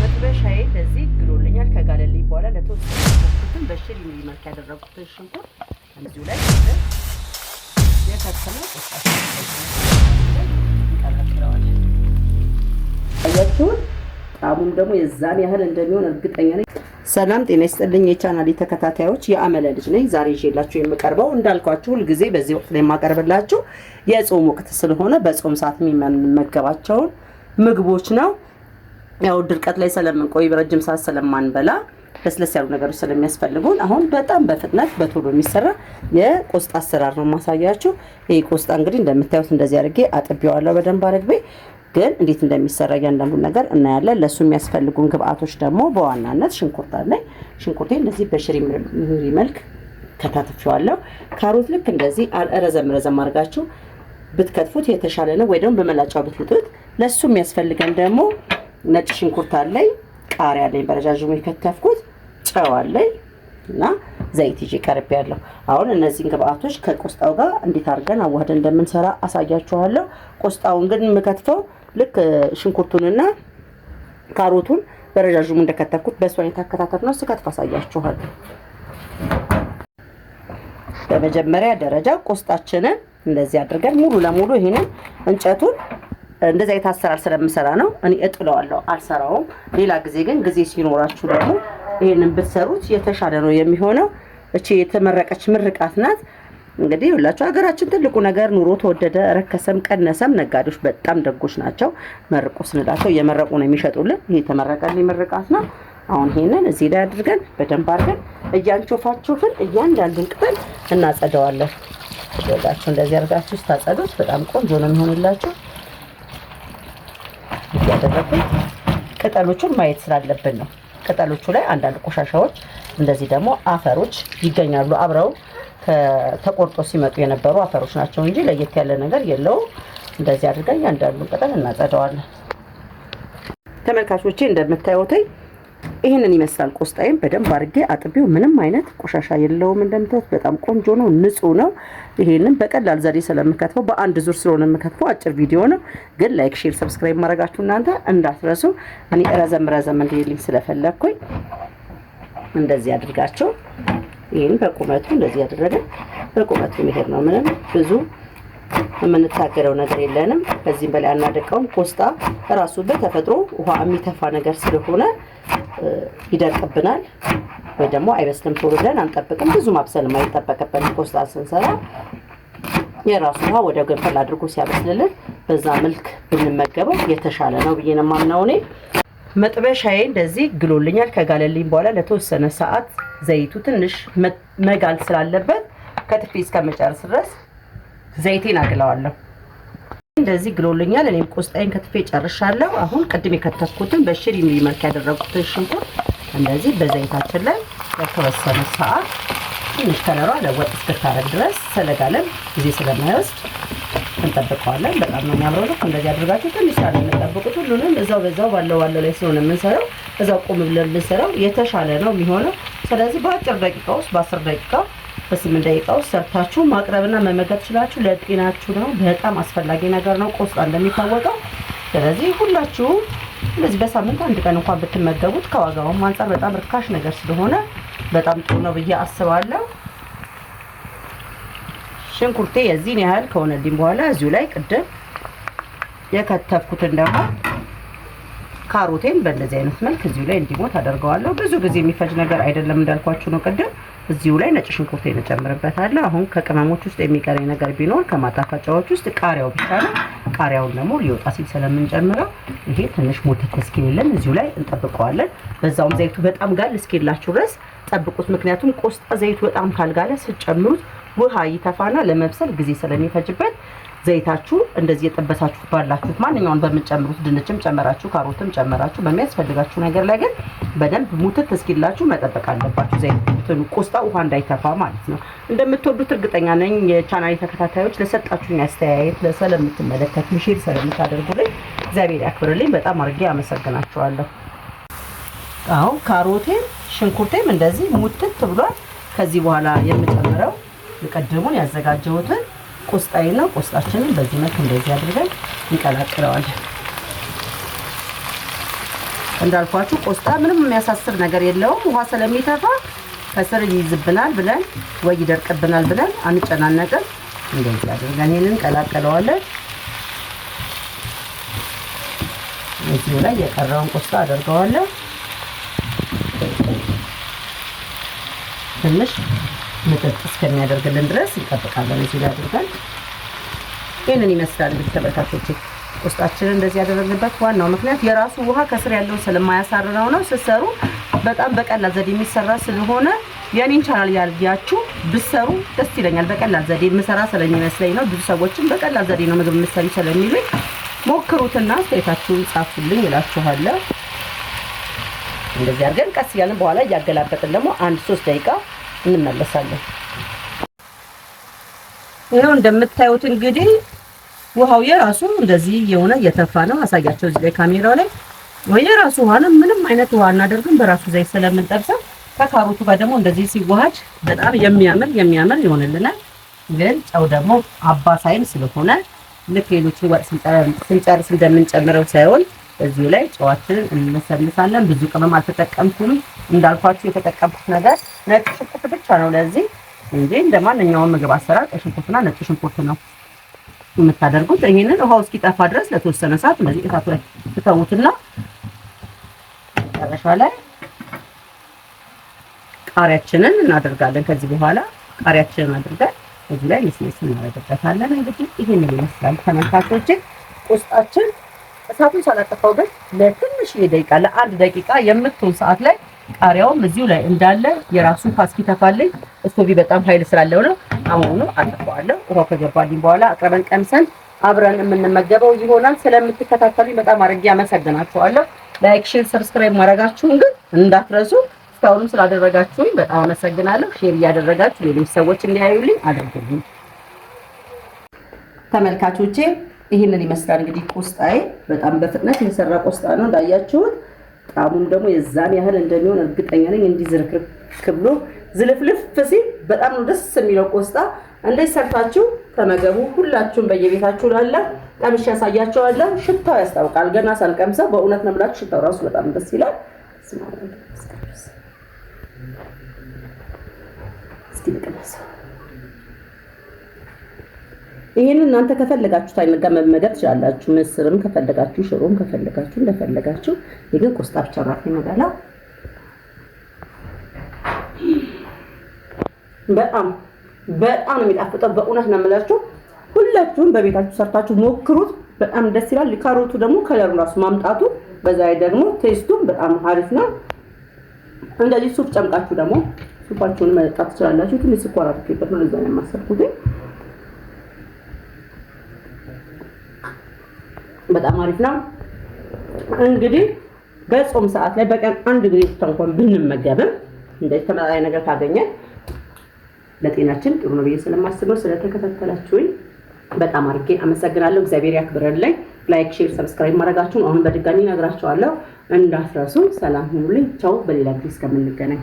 መጥበሻዬ ለዚህ ግሎልኛል። ከጋለልኝ በኋላ ለተወሰነ በሽል መልክ ያደረጉትን ሽንኩርት እዚሁ ላይ የከተመ ይቀላቅለዋል። አያችሁን? ጣዕሙም ደግሞ የዛን ያህል እንደሚሆን እርግጠኛ ነኝ። ሰላም ጤና ይስጥልኝ የቻናል ተከታታዮች፣ የአመለ ልጅ ነኝ። ዛሬ ይዤላችሁ የምቀርበው እንዳልኳችሁ ሁልጊዜ በዚህ ወቅት ላይ የማቀርብላችሁ የጾም ወቅት ስለሆነ በጾም ሰዓት የምንመገባቸውን ምግቦች ነው። ያው ድርቀት ላይ ስለምንቆይ ረጅም ሰዓት ስለማንበላ ለስለስ ያሉ ነገሮች ስለሚያስፈልጉን አሁን በጣም በፍጥነት በቶሎ የሚሰራ የቆስጣ አሰራር ነው ማሳያችሁ። ይህ ቆስጣ እንግዲህ እንደምታዩት እንደዚህ አድርጌ አጥቢዋለሁ በደንብ አድርጌ ግን እንዴት እንደሚሰራ እያንዳንዱን ነገር እናያለን። ለእሱ የሚያስፈልጉን ግብአቶች ደግሞ በዋናነት ሽንኩርት አለ። ሽንኩርቴ እንደዚህ በሽሪ መልክ ከታትፌዋለሁ። ካሮት ልክ እንደዚህ ረዘም ረዘም አድርጋችሁ ብትከትፉት የተሻለ ነው፣ ወይ ደግሞ በመላጫው ብትልጡት። ለእሱ የሚያስፈልገን ደግሞ ነጭ ሽንኩርት አለኝ፣ ቃሪያ አለኝ፣ በረጃዥሙ የከተፍኩት ጨው አለኝ እና ዘይት ይዤ ቀርብ ያለሁ። አሁን እነዚህን ግብአቶች ከቆስጣው ጋር እንዴት አድርገን አዋህደን እንደምንሰራ አሳያችኋለሁ። ቆስጣውን ግን የምከትፈው ልክ ሽንኩርቱንና ካሮቱን በረዣዥሙ እንደከተፍኩት በእሱ አይነት አከታተፍ ነው ስከትፍ አሳያችኋለሁ። በመጀመሪያ ደረጃ ቆስጣችንን እንደዚህ አድርገን ሙሉ ለሙሉ ይሄንን እንጨቱን እንደዚህ አይነት አሰራር ስለምሰራ ነው እኔ እጥለዋለሁ፣ አልሰራውም። ሌላ ጊዜ ግን ጊዜ ሲኖራችሁ ደግሞ ይሄንን ብትሰሩት የተሻለ ነው የሚሆነው። እቺ የተመረቀች ምርቃት ናት። እንግዲህ ሁላችሁ ሀገራችን ትልቁ ነገር ኑሮ ተወደደ፣ ረከሰም፣ ቀነሰም ነጋዴዎች በጣም ደጎች ናቸው። መርቁ ስንላቸው እየመረቁ ነው የሚሸጡልን። ይሄ የተመረቀልን ምርቃት ነው። አሁን ይሄንን እዚህ ላይ አድርገን በደንብ አድርገን እያንቾፋችሁፍን እያንዳንዱን ቅጠል እናጸደዋለን። ወዳችሁ እንደዚህ አድርጋችሁ ስታጸዱት በጣም ቆንጆ ነው የሚሆንላችሁ። እያደረግን ቅጠሎቹን ማየት ስላለብን ነው። ቅጠሎቹ ላይ አንዳንድ ቆሻሻዎች እንደዚህ ደግሞ አፈሮች ይገኛሉ አብረው ተቆርጦ ሲመጡ የነበሩ አፈሮች ናቸው እንጂ ለየት ያለ ነገር የለውም። እንደዚህ አድርገን እያንዳንዱን ቅጠል እናጸደዋለን። ተመልካቾቼ እንደምታዩትኝ ይህንን ይመስላል። ቆስጣዬም በደንብ አድርጌ አጥቢው ምንም አይነት ቆሻሻ የለውም። እንደምታዩት በጣም ቆንጆ ነው፣ ንጹህ ነው። ይሄንን በቀላል ዘዴ ስለምከትፈው በአንድ ዙር ስለሆነ የምከትፈው አጭር ቪዲዮ ነው። ግን ላይክ፣ ሼር፣ ሰብስክራይብ ማድረጋችሁ እናንተ እንዳትረሱ። እኔ ረዘም ረዘም እንዲልኝ ስለፈለግኩኝ እንደዚህ አድርጋቸው። ይህን በቁመቱ እንደዚህ ያደረገ በቁመቱ መሄድ ነው። ምንም ብዙ የምንታገረው ነገር የለንም። ከዚህም በላይ አናደቀውም። ኮስታ ራሱ በተፈጥሮ ውሃ የሚተፋ ነገር ስለሆነ ይደርቅብናል፣ ወይ ደግሞ አይበስልም ቶሎ ብለን አንጠብቅም። ብዙ ማብሰል አይጠበቅብንም። ኮስታ ስንሰራ የራሱ ውሃ ወደ ገንፈል አድርጎ ሲያበስልልን በዛ መልክ ብንመገበው የተሻለ ነው ብዬ ነው የማምነው እኔ። መጥበሻዬ እንደዚህ ግሎልኛል። ከጋለልኝ በኋላ ለተወሰነ ሰዓት ዘይቱ ትንሽ መጋል ስላለበት ከትፌ መጨረስ ድረስ ዘይቴን አግለዋለሁ። እንደዚህ ግሎልኛል። እኔም ቆስጣዬን ከትፌ ጨርሻለሁ። አሁን ቅድም የከተፍኩትን በሽር መልክ ያደረጉትን ሽንኩርት እንደዚህ በዘይታችን ላይ ለተወሰነ ሰዓት ትንሽ ከለሯ ለወጥ እስክታረግ ድረስ ስለጋለም ጊዜ ስለማይወስድ እንጠብቀዋለን። በጣም ነው የሚያምረው። ልክ እንደዚህ አድርጋችሁ ትንሽ ያለ የምንጠብቁት ሁሉንም እዛው በዛው ባለው ባለው ላይ ስለሆነ የምንሰራው እዛው ቁም ብለን ብንሰራው የተሻለ ነው የሚሆነው። ስለዚህ በአጭር ደቂቃ ውስጥ በአስር ደቂቃ በስምንት ደቂቃ ውስጥ ሰርታችሁ ማቅረብና መመገብ ችላችሁ ለጤናችሁ ነው በጣም አስፈላጊ ነገር ነው ቆስጣ እንደሚታወቀው። ስለዚህ ሁላችሁ እንደዚህ በሳምንት አንድ ቀን እንኳን ብትመገቡት ከዋጋውም አንጻር በጣም ርካሽ ነገር ስለሆነ በጣም ጥሩ ነው ብዬ አስባለሁ። ሽንኩርቴ የዚህን ያህል ከሆነልኝ በኋላ እዚሁ ላይ ቅድም የከተፍኩትን ደግሞ ካሮቴን በእንደዚህ አይነት መልክ እዚሁ ላይ እንዲሞት አደርገዋለሁ። ብዙ ጊዜ የሚፈጅ ነገር አይደለም እንዳልኳችሁ ነው ቅድም። እዚሁ ላይ ነጭ ሽንኩርት እንጨምርበታለን አሁን ከቅመሞች ውስጥ የሚቀረኝ ነገር ቢኖር ከማጣፈጫዎች ውስጥ ቃሪያው ብቻ ነው። ቃሪያውን ደግሞ ሊወጣ ሲል ስለምንጨምረው ይሄ ትንሽ ሞተት እስኪልልን እዚሁ ላይ እንጠብቀዋለን። በዛውም ዘይቱ በጣም ጋል እስኪላችሁ ድረስ ጠብቁት። ምክንያቱም ቆስጣ ዘይቱ በጣም ካልጋለ ስጨምሩት ውሃ ይተፋና ለመብሰል ጊዜ ስለሚፈጅበት ዘይታችሁ እንደዚህ የጠበሳችሁ ባላችሁት ማንኛውን በምንጨምሩት ድንችም ጨመራችሁ፣ ካሮትም ጨመራችሁ በሚያስፈልጋችሁ ነገር ላይ ግን በደንብ ሙትት እስኪላችሁ መጠበቅ አለባችሁ። ዘይትን ቁስጣ ውሃ እንዳይተፋ ማለት ነው። እንደምትወዱት እርግጠኛ ነኝ። የቻናሌ ተከታታዮች ለሰጣችሁኝ አስተያየት ስለምትመለከት ምሽር ስለምታደርጉልኝ እግዚአብሔር ያክብርልኝ። በጣም አድርጌ አመሰግናችኋለሁ። አሁን ካሮቴም ሽንኩርቴም እንደዚህ ሙትት ብሏል። ከዚህ በኋላ የምጨምረው ቀድሙን ያዘጋጀሁትን ቆስጣዬ ነው። ቆስጣችንን በዚህ መልክ እንደዚህ አድርገን እንቀላቅለዋለን። እንዳልኳችሁ ቆስጣ ምንም የሚያሳስብ ነገር የለውም። ውሃ ስለሚተፋ ከስር ይይዝብናል ብለን ወይ ይደርቅብናል ብለን አንጨናነቅም። እንደዚህ አድርገን ይህንን ቀላቀለዋለን። እዚሁ ላይ የቀረውን ቆስጣ አደርገዋለን ትንሽ ምጥጥ እስከሚያደርግልን ድረስ እንጠብቃለን። እዚህ ላይ አድርገን ይህንን ይመስላል እንግዲህ ተመልካቾች ውስጣችንን እንደዚህ ያደረግንበት ዋናው ምክንያት የራሱ ውሃ ከስር ያለውን ስለማያሳርረው ነው። ስትሰሩ በጣም በቀላል ዘዴ የሚሰራ ስለሆነ የኔን ቻናል ያልያችሁ ብሰሩ ደስ ይለኛል። በቀላል ዘዴ የምሰራ ስለሚመስለኝ ነው። ብዙ ሰዎችም በቀላል ዘዴ ነው ምግብ የምሰሪ ስለሚሉኝ ሞክሩትና አስተያየታችሁን ጻፉልኝ እላችኋለሁ። እንደዚህ አድርገን ቀስ እያልን በኋላ እያገላበጥን ደግሞ አንድ ሶስት ደቂቃ እንመለሳለን። ይኸው እንደምታዩት እንግዲህ ውሃው የራሱ እንደዚህ የሆነ እየተፋ ነው። አሳያቸው እዚህ ላይ ካሜራው ላይ ወይ የራሱ ውሃ ነው። ምንም አይነት ውሃ እናደርግም በራሱ ዘይት ስለምንጠብሰው ከካሮቱ ጋር ደግሞ እንደዚህ ሲዋሃድ በጣም የሚያምር የሚያምር ይሆንልናል። ግን ጨው ደግሞ አባሳይም ስለሆነ ልክ ሌሎች ስንጨርስ እንደምንጨምረው ሳይሆን እዚሁ ላይ ጨዋችንን እንመሰልሳለን። ብዙ ቅመም አልተጠቀምኩም። እንዳልኳችሁ የተጠቀምኩት ነገር ነጭ ሽንኩርት ብቻ ነው ለዚህ እንጂ እንደ ማንኛውም ምግብ አሰራር ሽንኩርትና ነጭ ሽንኩርት ነው የምታደርጉት። ይሄንን ውሃው እስኪጠፋ ድረስ ለተወሰነ ሰዓት እንደዚህ እሳቱ ላይ ትተውትና መጨረሻ ላይ ቃሪያችንን እናደርጋለን። ከዚህ በኋላ ቃሪያችንን አድርገን እዚህ ላይ ልስልስ እናደርግበታለን። እንግዲህ ይሄንን ይመስላል ተመልካቾችን ቆስጣችን እሳቱን ሳላጠፋው ግን ለትንሽ ደቂቃ ለአንድ ደቂቃ የምትሆን ሰዓት ላይ ቃሪያውም እዚሁ ላይ እንዳለ የራሱ ፓስኪ ተፋልኝ እስቶቪ በጣም ኃይል ስላለው ነው። አሁኑ አጠፋዋለሁ። ውሃው ከገባልኝ በኋላ አቅርበን ቀምሰን አብረን የምንመገበው ይሆናል። ስለምትከታተሉኝ በጣም አድርጌ አመሰግናችኋለሁ። ላይክ፣ ሼር፣ ሰብስክራይብ ማድረጋችሁን ግን እንዳትረሱ። እስካሁንም ስላደረጋችሁኝ በጣም አመሰግናለሁ። ሼር እያደረጋችሁ ሌሎች ሰዎች እንዲያዩልኝ አድርጉልኝ። ተመልካቾቼ ይህንን ይመስላል እንግዲህ ቆስጣዬ። በጣም በፍጥነት የሰራ ቆስጣ ነው እንዳያችሁት ጣዕሙም ደግሞ የዛን ያህል እንደሚሆን እርግጠኛ ነኝ። እንዲህ ዝርክርክ ብሎ ዝልፍልፍ ሲል በጣም ነው ደስ የሚለው። ቆስጣ እንዴት ሰርታችሁ ተመገቡ። ሁላችሁም በየቤታችሁ ላለ ቀምሼ ያሳያቸዋለሁ። ሽታው ያስታውቃል። ገና ሳልቀምሰው በእውነት ነው የምላችሁ፣ ሽታው ራሱ በጣም ደስ ይላል። እስኪ ልቅመሰው ይህን እናንተ ከፈለጋችሁ አይነት ጋር መመገብ ትችላላችሁ። ምስርም ከፈለጋችሁ፣ ሽሮም ከፈለጋችሁ እንደፈለጋችሁ። ይግን ቆስጣ ብቻ ናት የምበላው። በጣም በጣም ነው የሚጣፍጠው። በእውነት ነው የምላችሁ። ሁላችሁም በቤታችሁ ሰርታችሁ ሞክሩት። በጣም ደስ ይላል። ካሮቱ ደግሞ ከለሩ ራሱ ማምጣቱ በዛ ላይ ደግሞ ቴስቱም በጣም አሪፍ ነው። እንደዚህ ሱፕ ጨምቃችሁ ደግሞ ሱፓችሁን መጠጣት ትችላላችሁ። ትንሽ ስኳር አድርጌበት ነው ለዛ ነው የማሰርኩት። በጣም አሪፍ ነው። እንግዲህ በጾም ሰዓት ላይ በቀን አንድ ጊዜ ብቻ እንኳን ብንመገብም እንደዚህ ተመጣጣኝ ነገር ካገኘን ለጤናችን ጥሩ ነው ብዬ ስለማስበው ስለተከታተላችሁኝ በጣም አድርጌ አመሰግናለሁ። እግዚአብሔር ያክብረልኝ። ላይክ፣ ሼር፣ ሰብስክራይብ ማድረጋችሁን አሁን በድጋሚ ነግራችኋለሁ እንዳትረሱ። ሰላም ሁኑልኝ። ቻው። በሌላ ጊዜ እስከምንገናኝ